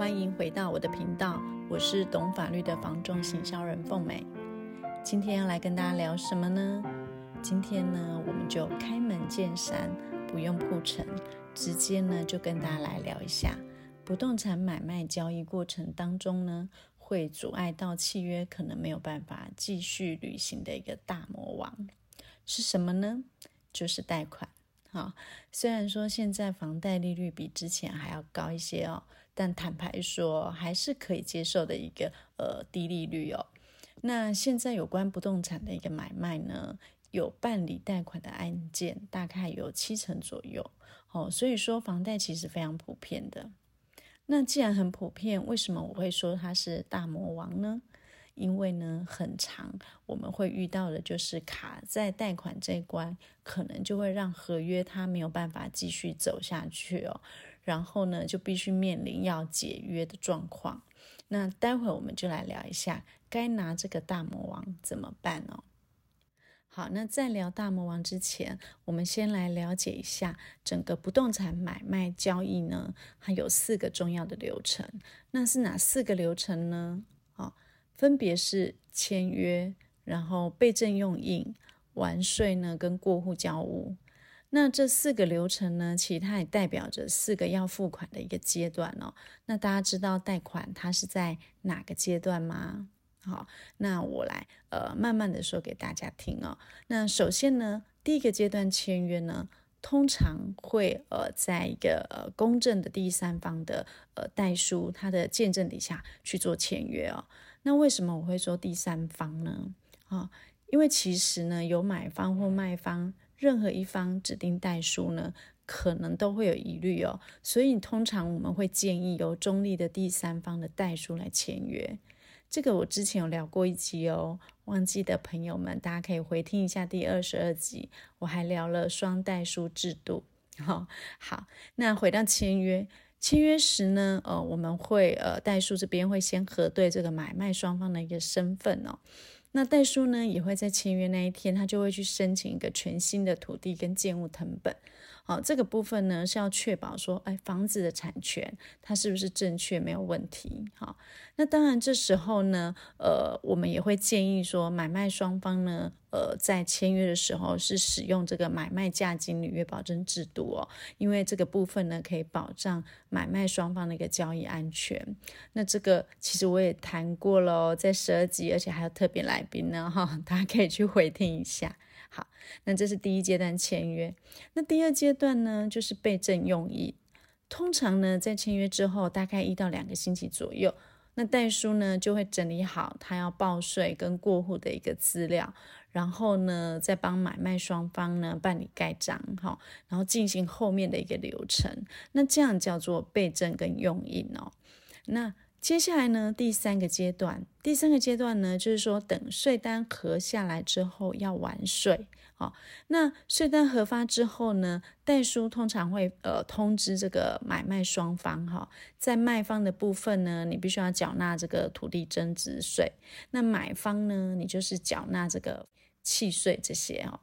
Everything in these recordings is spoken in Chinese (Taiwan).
歡迎回到我的頻道，我是懂法律的房仲行銷人鳳美。今天要來跟大家聊什麼呢？今天呢，我們就開門見山，不用鋪陳，直接呢就跟大家來聊一下，不動產買賣交易過程當中呢，會阻礙到契約可能沒有辦法繼續履行的一個大魔王。是什麼呢？就是貸款。好，雖然說現在房貸利率比之前還要高一些哦。但坦白說，還是可以接受的一個呃低利率哦。那現在有關不動產的一個買賣呢，有辦理貸款的案件大概有七成左右哦，所以說房貸其實非常普遍的。那既然很普遍，為什麼我會說它是大魔王呢？因為呢，很常我們會遇到的就是卡在貸款這一關，可能就會讓合約它沒有辦法繼續走下去哦。然後呢，就必須面臨要解約的狀況。那待會我們就來聊一下，該拿這個大魔王怎麼辦哦。好，那在聊大魔王之前，我們先來了解一下整個不動產買賣交易呢，它有四個重要的流程。那是哪四個流程呢？好，哦，分別是簽約，然後備證用印，完稅呢，跟過戶交屋。那這四個流程呢，其實它也代表着四個要付款的一個階段哦。那大家知道貸款它是在哪個階段嗎？好，那我來呃慢慢地說給大家聽哦。那首先呢，第一個階段簽約呢，通常會呃在一個呃公正的第三方的呃代書他的見證底下去做簽約哦。那為什麼我會說第三方呢？啊、哦，因為其實呢有買方或賣方。任何一方指定代書呢，可能都會有疑慮哦。所以，通常我們會建議由中立的第三方的代書來簽約。這個我之前有聊過一集哦，忘記的朋友們，大家可以回聽一下第二十二集。我還聊了雙代書制度。好、哦，好，那回到簽約，簽約時呢，呃，我們會呃，代書這邊會先核對這個買賣雙方的一個身份哦。那代書呢，也會在簽約那一天，他就會去申請一個全新的土地跟建物謄本。好，這個部分呢是要確保說，哎，房子的產權它是不是正確，沒有問題。好，那當然這時候呢，呃，我們也會建議說，買賣雙方呢，呃，在簽約的時候是使用這個買賣價金履約保證制度哦，因為這個部分呢可以保障買賣雙方的一個交易安全。那這個其實我也談過了哦，在十二集，而且還有特別來賓呢哈，哦，大家可以去回聽一下。好，那這是第一階段簽約。那第二階段呢，就是備證用印。通常呢，在簽約之後，大概一到兩個星期左右，那代書呢就會整理好他要報稅跟過戶的一個資料，然後呢再幫買賣雙方呢辦理蓋章，好，然後進行後面的一個流程。那這樣叫做備證跟用印哦。那接下來呢，第三個階段，第三個階段呢，就是說等稅單核下來之後要完稅，好，那稅單核發之後呢，代書通常會呃通知這個買賣雙方，哈，在賣方的部分呢，你必須要繳納這個土地增值稅，那買方呢，你就是繳納這個契稅這些，哈。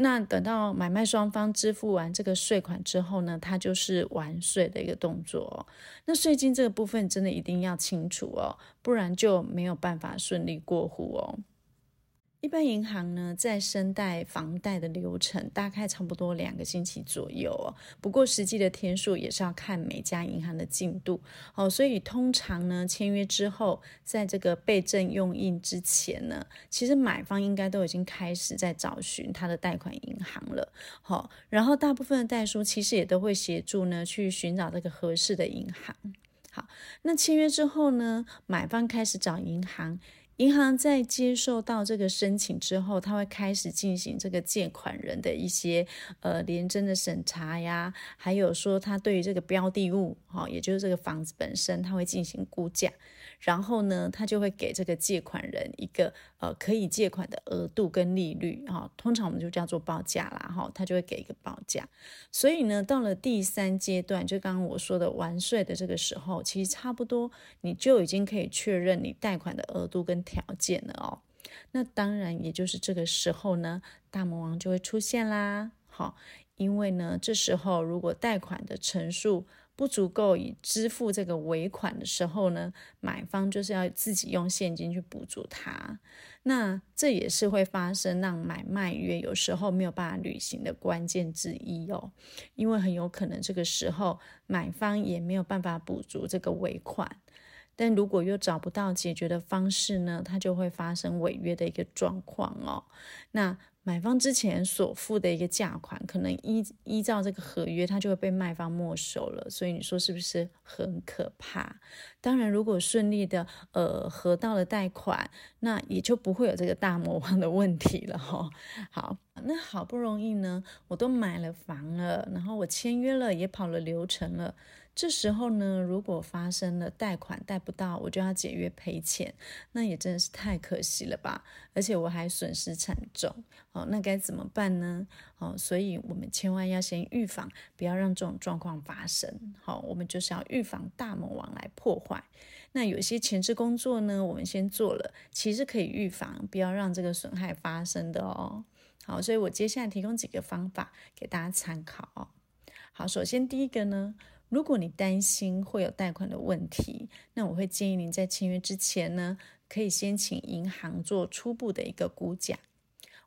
那等到買賣雙方支付完這個稅款之後呢，它就是完稅的一個動作。那稅金這個部分真的一定要清楚哦，不然就沒有辦法順利過戶哦。一般銀行呢，在申貸房貸的流程大概差不多兩個星期左右哦。不過實際的天數也是要看每家銀行的進度哦。所以通常呢，簽約之後，在這個備證用印之前呢，其實買方應該都已經開始在找尋他的貸款銀行了。好、哦，然後大部分的代書其實也都會協助呢，去尋找這個合適的銀行。好，那簽約之後呢，買方開始找銀行。銀行在接受到這個申請之後，他會開始進行這個借款人的一些呃聯徵的審查呀，還有說他對於這個標的物，哈，也就是這個房子本身，他會進行估價。然後呢，他就會給這個借款人一個呃可以借款的額度跟利率，哦，通常我們就叫做報價啦，哈、哦，他就會給一個報價。所以呢，到了第三階段，就剛剛我說的完稅的這個時候，其實差不多你就已經可以確認你貸款的額度跟條件了哦。那當然，也就是這個時候呢，大魔王就會出現啦，好，因為呢，這時候如果貸款的成數。不足夠以支付這個尾款的時候呢，買方就是要自己用現金去補足它。那這也是會發生讓買賣約有時候沒有辦法履行的關鍵之一哦，因為很有可能這個時候買方也沒有辦法補足這個尾款，但如果又找不到解決的方式呢，它就會發生違約的一個狀況哦。那買方之前所付的一個價款，可能依依照這個合約，它就會被賣方沒收了。所以你說是不是很可怕？當然，如果順利的，呃，合到了貸款，那也就不會有這個大魔王的問題了哈、哦。好，那好不容易呢，我都買了房了，然後我簽約了，也跑了流程了。這時候呢，如果發生了貸款貸不到，我就要解約賠錢，那也真的是太可惜了吧！而且我還損失慘重。哦，那該怎麼辦呢？哦，所以我們千萬要先預防，不要讓這種狀況發生。好，哦，我們就是要預防大魔王來破壞。那有些前置工作呢，我們先做了，其實可以預防，不要讓這個損害發生的哦。好，所以我接下來提供幾個方法給大家參考，哦。好，首先第一個呢。如果你擔心會有貸款的問題，那我會建議您在簽約之前呢，可以先請銀行做初步的一個估價。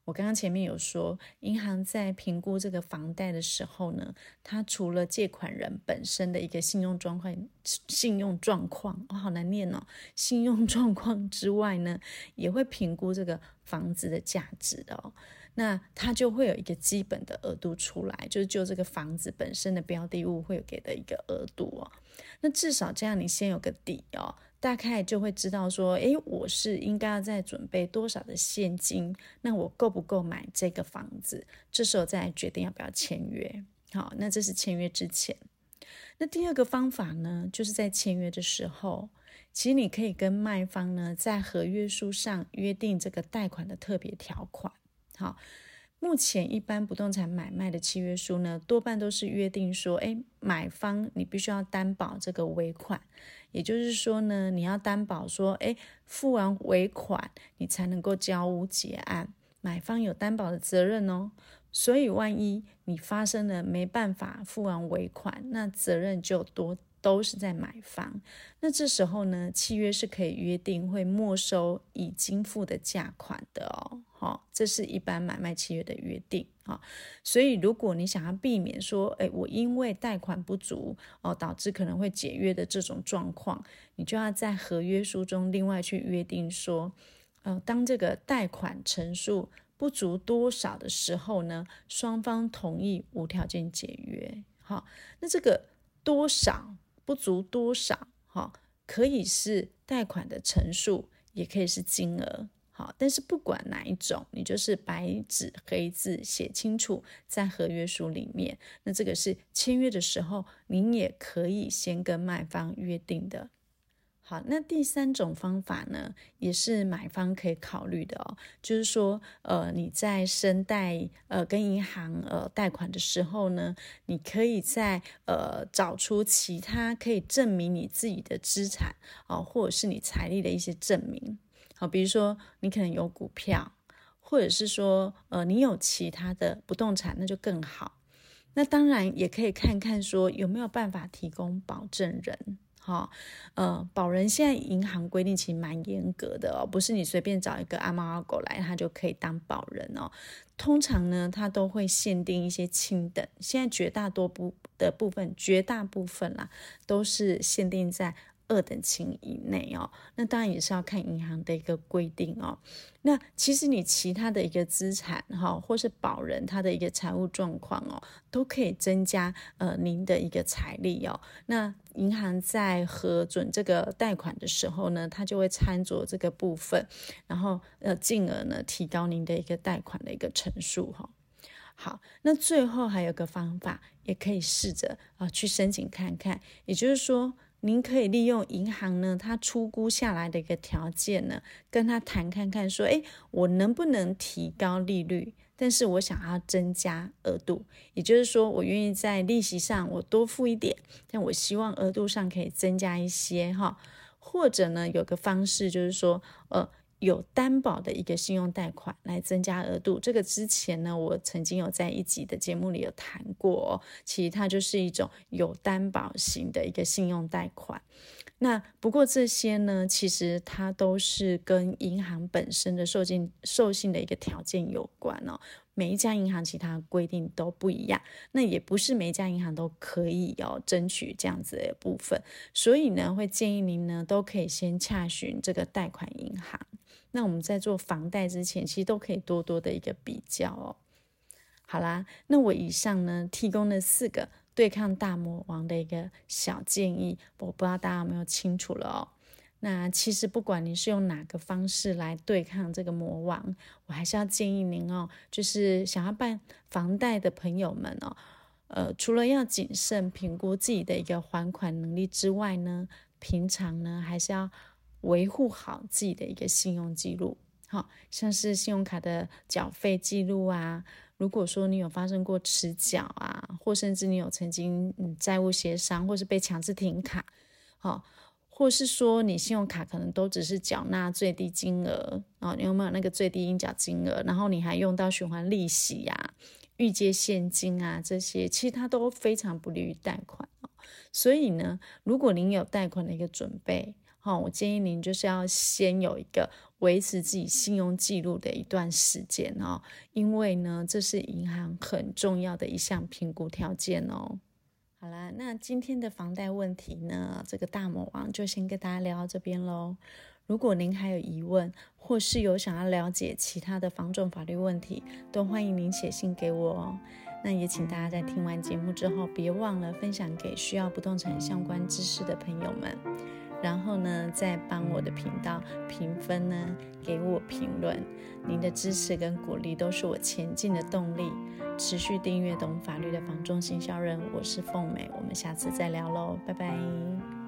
我剛剛前面有說，銀行在評估這個房貸的時候呢，它除了借款人本身的一個信用狀況，信用狀況我，哦，好難念哦，信用狀況之外呢，也會評估這個房子的價值的哦。那他就會有一個基本的額度出來，就是就這個房子本身的標的物會有給的一個額度哦。那至少這樣，你先有個底哦，大概就會知道說，誒，我是應該要再準備多少的現金，那我夠不夠買這個房子？這時候再來決定要不要簽約。好，那這是簽約之前。那第二個方法呢，就是在簽約的時候，其實你可以跟賣方呢在合約書上約定這個貸款的特別條款。好，目前一般不動產買賣的契約書呢，多半都是約定說，哎，買方你必須要擔保這個尾款，也就是說呢，你要擔保說，哎，付完尾款你才能夠交屋結案，買方有擔保的責任哦，所以萬一你發生了沒辦法付完尾款，那責任就多。都是在買房，那這時候呢，契約是可以約定會沒收已經付的價款的哦。好、哦，這是一般買賣契約的約定啊、哦。所以，如果你想要避免說，哎，我因為貸款不足哦，導致可能會解約的這種狀況，你就要在合約書中另外去約定說，嗯、呃，當這個貸款成數不足多少的時候呢，雙方同意無條件解約。哈、哦，那這個多少？不足多少，哈，可以是貸款的成數，也可以是金額，好，但是不管哪一種，你就是白紙黑字寫清楚在合約書裡面。那這個是簽約的時候，您也可以先跟賣方約定的。好，那第三種方法呢，也是買方可以考慮的哦。就是說，呃，你在申貸，呃，跟銀行呃貸款的時候呢，你可以再呃找出其他可以證明你自己的資產啊、呃，或者是你財力的一些證明。好，比如說你可能有股票，或者是說，呃，你有其他的不動產，那就更好。那當然也可以看看說有沒有辦法提供保證人。好，呃，保人現在銀行規定其實蠻嚴格的哦，不是你隨便找一個阿貓阿狗來，他就可以當保人哦。通常呢，他都會限定一些親等，現在絕大多部的部分，絕大部分啦，都是限定在。二等親以內哦，那當然也是要看銀行的一個規定哦。那其實你其他的一個資產哈、哦，或是保人他的一個財務狀況哦，都可以增加呃您的一個財力哦。那銀行在核准這個貸款的時候呢，它就會參酌這個部分，然後呃進而呢提高您的一個貸款的一個成數哈、哦。好，那最後還有一個方法，也可以試着啊、呃、去申請看看，也就是說。您可以利用銀行呢，它出估下來的一個條件呢，跟他談看看，說，哎，我能不能提高利率？但是我想要增加額度，也就是說，我願意在利息上我多付一點，但我希望額度上可以增加一些，哈，或者呢，有個方式就是說，呃。有擔保的一個信用貸款來增加額度。這個之前呢，我曾經有在一集的節目裡有談過哦，其實它就是一種有擔保型的一個信用貸款。那不過這些呢，其實它都是跟銀行本身的授信授信的一個條件有關哦。每一家銀行其他的規定都不一樣，那也不是每一家銀行都可以哦，爭取這樣子的部分。所以呢，會建議您呢，都可以先洽詢這個貸款銀行。那我們在做房貸之前，其實都可以多多的一個比較哦。好啦，那我以上呢，提供了四個對抗大魔王的一個小建議，我不知道大家有沒有清楚了哦。那其實不管你是用哪個方式來對抗這個魔王，我還是要建議您哦，就是想要辦房貸的朋友們哦，呃，除了要謹慎評估自己的一個還款能力之外呢，平常呢還是要。維護好自己的一個信用記錄，好、哦，像是信用卡的繳費記錄啊。如果說你有發生過遲繳啊，或甚至你有曾經、嗯、債務協商，或是被強制停卡，好、哦，或是說你信用卡可能都只是繳納最低金額啊、哦，你有沒有那個最低應繳金額？然後你還用到循環利息呀、啊、預借現金啊這些，其實它都非常不利於貸款。哦、所以呢，如果您有貸款的一個準備，好，哦，我建議您就是要先有一個維持自己信用記錄的一段時間哦，因為呢，這是銀行很重要的一項評估條件哦。好啦，那今天的房貸問題呢，這個大魔王就先跟大家聊到這邊嘍。如果您還有疑問，或是有想要了解其他的房仲法律問題，都歡迎您寫信給我哦。那也請大家在聽完節目之後，別忘了分享給需要不動產相關知識的朋友們。然後呢，再幫我的頻道評分呢，給我評論。您的支持跟鼓勵都是我前進的動力。持續訂閱懂法律的房仲行銷人，我是鳳美，我們下次再聊嘍，拜拜。